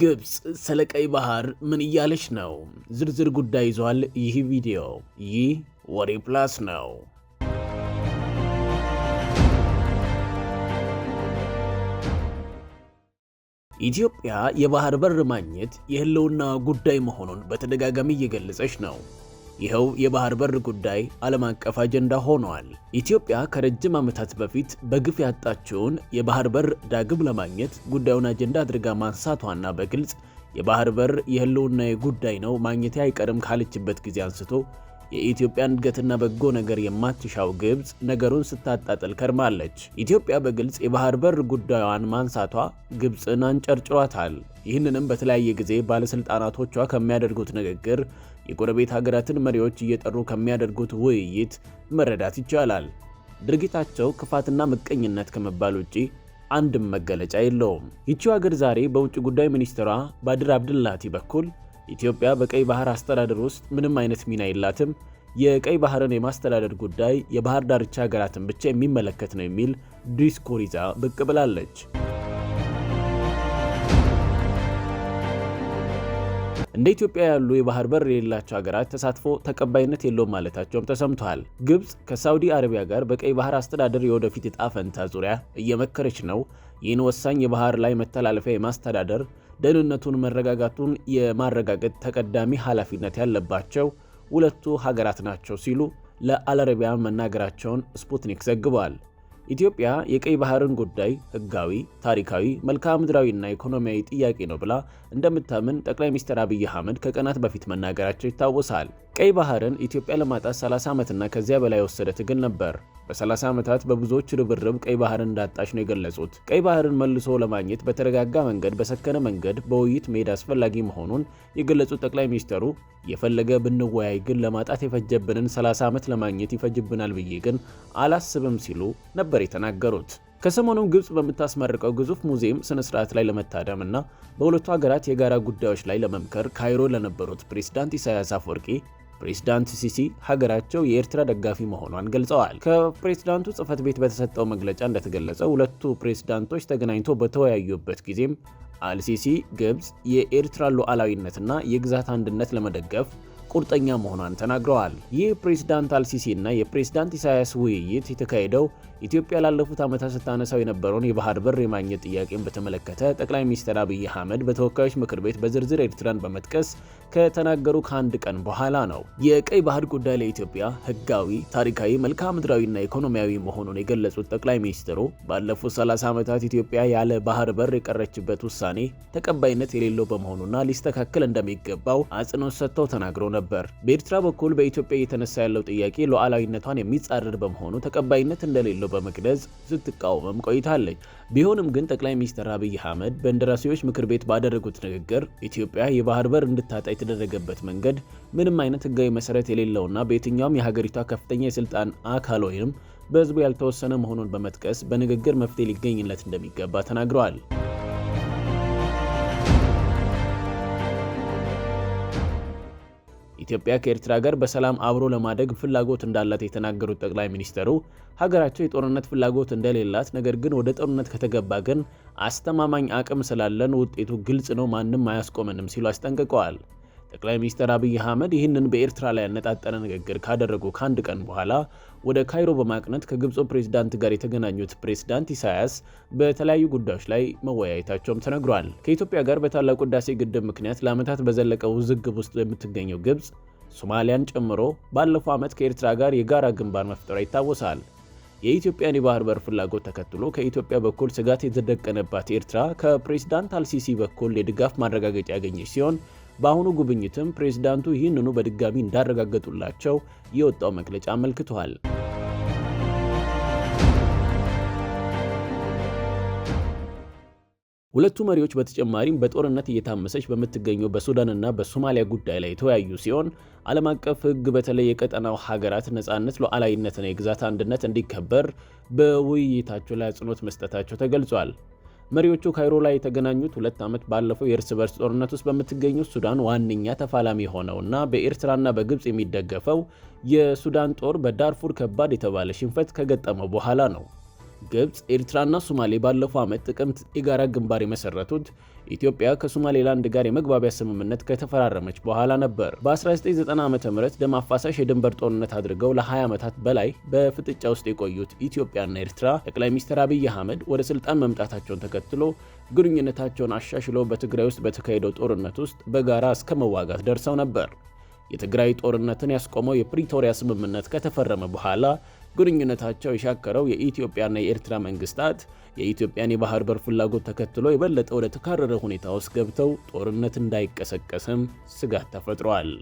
ግብፅ ስለ ቀይ ባህር ምን እያለች ነው? ዝርዝር ጉዳይ ይዟል ይህ ቪዲዮ። ይህ ወሬ ፕላስ ነው። ኢትዮጵያ የባህር በር ማግኘት የህልውና ጉዳይ መሆኑን በተደጋጋሚ እየገለጸች ነው። ይኸው የባህር በር ጉዳይ ዓለም አቀፍ አጀንዳ ሆኗል። ኢትዮጵያ ከረጅም ዓመታት በፊት በግፍ ያጣችውን የባህር በር ዳግም ለማግኘት ጉዳዩን አጀንዳ አድርጋ ማንሳቷና በግልጽ የባህር በር የህልውና ጉዳይ ነው ማግኘት አይቀርም ካለችበት ጊዜ አንስቶ የኢትዮጵያን እድገትና በጎ ነገር የማትሻው ግብፅ ነገሩን ስታጣጥል ከርማለች። ኢትዮጵያ በግልጽ የባህር በር ጉዳዩን ማንሳቷ ግብፅን አንጨርጭሯታል። ይህንንም በተለያየ ጊዜ ባለሥልጣናቶቿ ከሚያደርጉት ንግግር የጎረቤት ሀገራትን መሪዎች እየጠሩ ከሚያደርጉት ውይይት መረዳት ይቻላል። ድርጊታቸው ክፋትና ምቀኝነት ከመባል ውጪ አንድም መገለጫ የለውም። ይቺው ሀገር ዛሬ በውጭ ጉዳይ ሚኒስትሯ ባድር አብድላቲ በኩል ኢትዮጵያ በቀይ ባህር አስተዳደር ውስጥ ምንም አይነት ሚና የላትም፣ የቀይ ባህርን የማስተዳደር ጉዳይ የባህር ዳርቻ ሀገራትን ብቻ የሚመለከት ነው የሚል ዲስኮሪዛ ይዛ ብቅ ብላለች። እንደ ኢትዮጵያ ያሉ የባህር በር የሌላቸው ሀገራት ተሳትፎ ተቀባይነት የለውም ማለታቸውም ተሰምተዋል። ግብፅ ከሳውዲ አረቢያ ጋር በቀይ ባህር አስተዳደር የወደፊት ዕጣ ፈንታ ዙሪያ እየመከረች ነው። ይህን ወሳኝ የባህር ላይ መተላለፊያ የማስተዳደር ደህንነቱን፣ መረጋጋቱን የማረጋገጥ ተቀዳሚ ኃላፊነት ያለባቸው ሁለቱ ሀገራት ናቸው ሲሉ ለአልአረቢያ መናገራቸውን ስፑትኒክ ዘግቧል። ኢትዮጵያ የቀይ ባህርን ጉዳይ ህጋዊ፣ ታሪካዊ፣ መልክዓ ምድራዊና ኢኮኖሚያዊ ጥያቄ ነው ብላ እንደምታምን ጠቅላይ ሚኒስትር አብይ አህመድ ከቀናት በፊት መናገራቸው ይታወሳል። ቀይ ባህርን ኢትዮጵያ ለማጣት 30 ዓመትና ከዚያ በላይ የወሰደ ትግል ነበር። በ30 ዓመታት በብዙዎች ርብርብ ቀይ ባህርን እንዳጣች ነው የገለጹት። ቀይ ባህርን መልሶ ለማግኘት በተረጋጋ መንገድ፣ በሰከነ መንገድ በውይይት መሄድ አስፈላጊ መሆኑን የገለጹት ጠቅላይ ሚኒስትሩ የፈለገ ብንወያይ ግን ለማጣት የፈጀብንን 30 ዓመት ለማግኘት ይፈጅብናል ብዬ ግን አላስብም ሲሉ ነበር የተናገሩት። ከሰሞኑም ግብጽ በምታስመርቀው ግዙፍ ሙዚየም ስነ ስርዓት ላይ ለመታደም እና በሁለቱ ሀገራት የጋራ ጉዳዮች ላይ ለመምከር ካይሮ ለነበሩት ፕሬዝዳንት ኢሳያስ አፈወርቂ ፕሬዚዳንት ሲሲ ሀገራቸው የኤርትራ ደጋፊ መሆኗን ገልጸዋል። ከፕሬዚዳንቱ ጽህፈት ቤት በተሰጠው መግለጫ እንደተገለጸው ሁለቱ ፕሬዝዳንቶች ተገናኝቶ በተወያዩበት ጊዜም አልሲሲ ግብጽ የኤርትራ ሉዓላዊነትና የግዛት አንድነት ለመደገፍ ቁርጠኛ መሆኗን ተናግረዋል። ይህ ፕሬዚዳንት አልሲሲ እና የፕሬዝዳንት ኢሳያስ ውይይት የተካሄደው ኢትዮጵያ ላለፉት ዓመታት ስታነሳው የነበረውን የባህር በር የማግኘት ጥያቄን በተመለከተ ጠቅላይ ሚኒስትር አብይ አህመድ በተወካዮች ምክር ቤት በዝርዝር ኤርትራን በመጥቀስ ከተናገሩ ከአንድ ቀን በኋላ ነው። የቀይ ባህር ጉዳይ ለኢትዮጵያ ህጋዊ፣ ታሪካዊ፣ መልክዓ ምድራዊና ኢኮኖሚያዊ መሆኑን የገለጹት ጠቅላይ ሚኒስትሩ ባለፉት 30 ዓመታት ኢትዮጵያ ያለ ባህር በር የቀረችበት ውሳኔ ተቀባይነት የሌለው በመሆኑና ሊስተካከል እንደሚገባው አጽንኦት ሰጥተው ተናግሮ ነበር። በኤርትራ በኩል በኢትዮጵያ እየተነሳ ያለው ጥያቄ ሉዓላዊነቷን የሚጻረር በመሆኑ ተቀባይነት እንደሌለው በመግለጽ ስትቃወምም ቆይታለች። ቢሆንም ግን ጠቅላይ ሚኒስትር አብይ አህመድ በእንደራሴዎች ምክር ቤት ባደረጉት ንግግር ኢትዮጵያ የባህር በር እንድታጣ የተደረገበት መንገድ ምንም አይነት ህጋዊ መሰረት የሌለውና በየትኛውም የሀገሪቷ ከፍተኛ የስልጣን አካል ወይም በህዝቡ ያልተወሰነ መሆኑን በመጥቀስ በንግግር መፍትሄ ሊገኝለት እንደሚገባ ተናግረዋል። ኢትዮጵያ ከኤርትራ ጋር በሰላም አብሮ ለማደግ ፍላጎት እንዳላት የተናገሩት ጠቅላይ ሚኒስትሩ ሀገራቸው የጦርነት ፍላጎት እንደሌላት፣ ነገር ግን ወደ ጦርነት ከተገባ ግን አስተማማኝ አቅም ስላለን ውጤቱ ግልጽ ነው፣ ማንም አያስቆመንም ሲሉ አስጠንቅቀዋል። ጠቅላይ ሚኒስትር አብይ አህመድ ይህንን በኤርትራ ላይ ያነጣጠረ ንግግር ካደረጉ ከአንድ ቀን በኋላ ወደ ካይሮ በማቅነት ከግብፁ ፕሬዝዳንት ጋር የተገናኙት ፕሬዝዳንት ኢሳያስ በተለያዩ ጉዳዮች ላይ መወያየታቸውም ተነግሯል። ከኢትዮጵያ ጋር በታላቁ ህዳሴ ግድብ ምክንያት ለዓመታት በዘለቀው ውዝግብ ውስጥ የምትገኘው ግብፅ ሶማሊያን ጨምሮ ባለፈው ዓመት ከኤርትራ ጋር የጋራ ግንባር መፍጠሯ ይታወሳል። የኢትዮጵያን የባህር በር ፍላጎት ተከትሎ ከኢትዮጵያ በኩል ስጋት የተደቀነባት ኤርትራ ከፕሬዝዳንት አልሲሲ በኩል የድጋፍ ማረጋገጫ ያገኘች ሲሆን በአሁኑ ጉብኝትም ፕሬዚዳንቱ ይህንኑ በድጋሚ እንዳረጋገጡላቸው የወጣው መግለጫ አመልክቷል። ሁለቱ መሪዎች በተጨማሪም በጦርነት እየታመሰች በምትገኘው በሱዳንና በሶማሊያ ጉዳይ ላይ የተወያዩ ሲሆን ዓለም አቀፍ ሕግ በተለይ የቀጠናው ሀገራት ነጻነት፣ ሉዓላዊነትና የግዛት አንድነት እንዲከበር በውይይታቸው ላይ አጽንኦት መስጠታቸው ተገልጿል። መሪዎቹ ካይሮ ላይ የተገናኙት ሁለት ዓመት ባለፈው የእርስ በርስ ጦርነት ውስጥ በምትገኙት ሱዳን ዋነኛ ተፋላሚ የሆነውና በኤርትራና በግብፅ የሚደገፈው የሱዳን ጦር በዳርፉር ከባድ የተባለ ሽንፈት ከገጠመው በኋላ ነው። ግብፅ፣ ኤርትራና ሶማሌ ባለፈው ዓመት ጥቅምት የጋራ ግንባር የመሰረቱት ኢትዮጵያ ከሶማሌላንድ ጋር የመግባቢያ ስምምነት ከተፈራረመች በኋላ ነበር። በ1990 ዓ ም ደም አፋሳሽ የድንበር ጦርነት አድርገው ለ20 ዓመታት በላይ በፍጥጫ ውስጥ የቆዩት ኢትዮጵያና ኤርትራ ጠቅላይ ሚኒስትር አብይ አህመድ ወደ ስልጣን መምጣታቸውን ተከትሎ ግንኙነታቸውን አሻሽለው በትግራይ ውስጥ በተካሄደው ጦርነት ውስጥ በጋራ እስከ መዋጋት ደርሰው ነበር። የትግራይ ጦርነትን ያስቆመው የፕሪቶሪያ ስምምነት ከተፈረመ በኋላ ግንኙነታቸው የሻከረው የኢትዮጵያና የኤርትራ መንግስታት የኢትዮጵያን የባህር በር ፍላጎት ተከትሎ የበለጠ ወደ ተካረረ ሁኔታ ውስጥ ገብተው ጦርነት እንዳይቀሰቀስም ስጋት ተፈጥሯል።